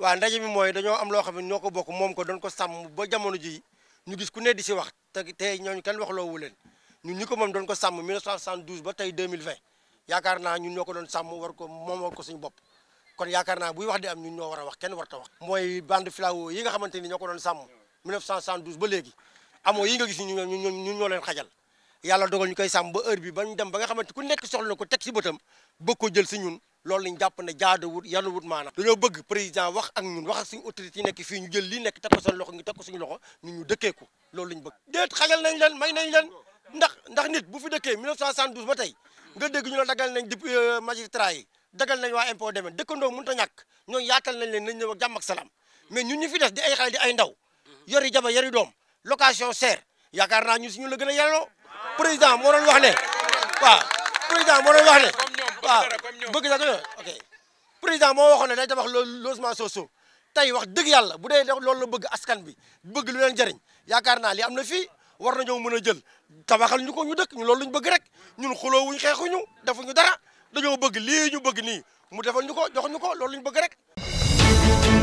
waaw ndaje mi mooy dañoo am loo xam ne ñoo ko bokk moom ko doon ko sàmm ba jamono ji ñu gis ku ne di si wax te tey ñooñu kenn wax loowu leen ñun ñi moom doon ko sàmm 1972 ba tey 2020 yaakaar naa ñun ñoo ko doon sàmm war ko moom war ko suñu bopp kon yaakaar naa buy wax di am ñun ñoo war a wax kenn war ta wax mooy bande filao yi nga xamante ñoo ko doon sàmm 1972 ba léegi amoo yi nga gis ñu ñun ñoo leen xajal yàlla dogal ñu koy sàmm ba heure bi ba ñu dem ba nga xamante ku nekk soxla na ko teg si bëtam bëgg ko jël si ñun loolu lañ jàpp ne jaadawut yàlla wut maanaam dañoo bëgg président wax ak ñun wax ak suñu autorité yi nekk fii ñu jël lii nekk ko loxo ko suñu loxo ñu ko loolu bëgg nañ leen may nañ leen ndax ndax nit bu fi dëkkee 1972 ba tey nga dégg ñu la dagal nañ dip euh, magistrat yi dagal nañ waa impôt domaine dëkkandoo mënut a ñàkk ñoo yaatal nañ leen nañ ñëw ak jàmm ak salaam mais ñun ñu fi def di ay di ay ndaw yori jaba yori doom location cher yaakaar naa ñun suñu président moo doon wax ne waaw président moo doon wax ne waaw bëgg na ok président moo waxoon ne day tabax logement social tey wax dëgg yàlla bu dee loolu la bëgg askan bi bëgg lu leen jëriñ yaakaar naa li am na fii war nañoo mën a jël tabaxal ñu ko ñu dëkk ñu loolu ñu bëgg rek ñun ñu xeexuñu ñu dara dañoo bëgg lii ñu bëgg nii mu defal ñu ko jox ñu ko loolu lañ bëgg rek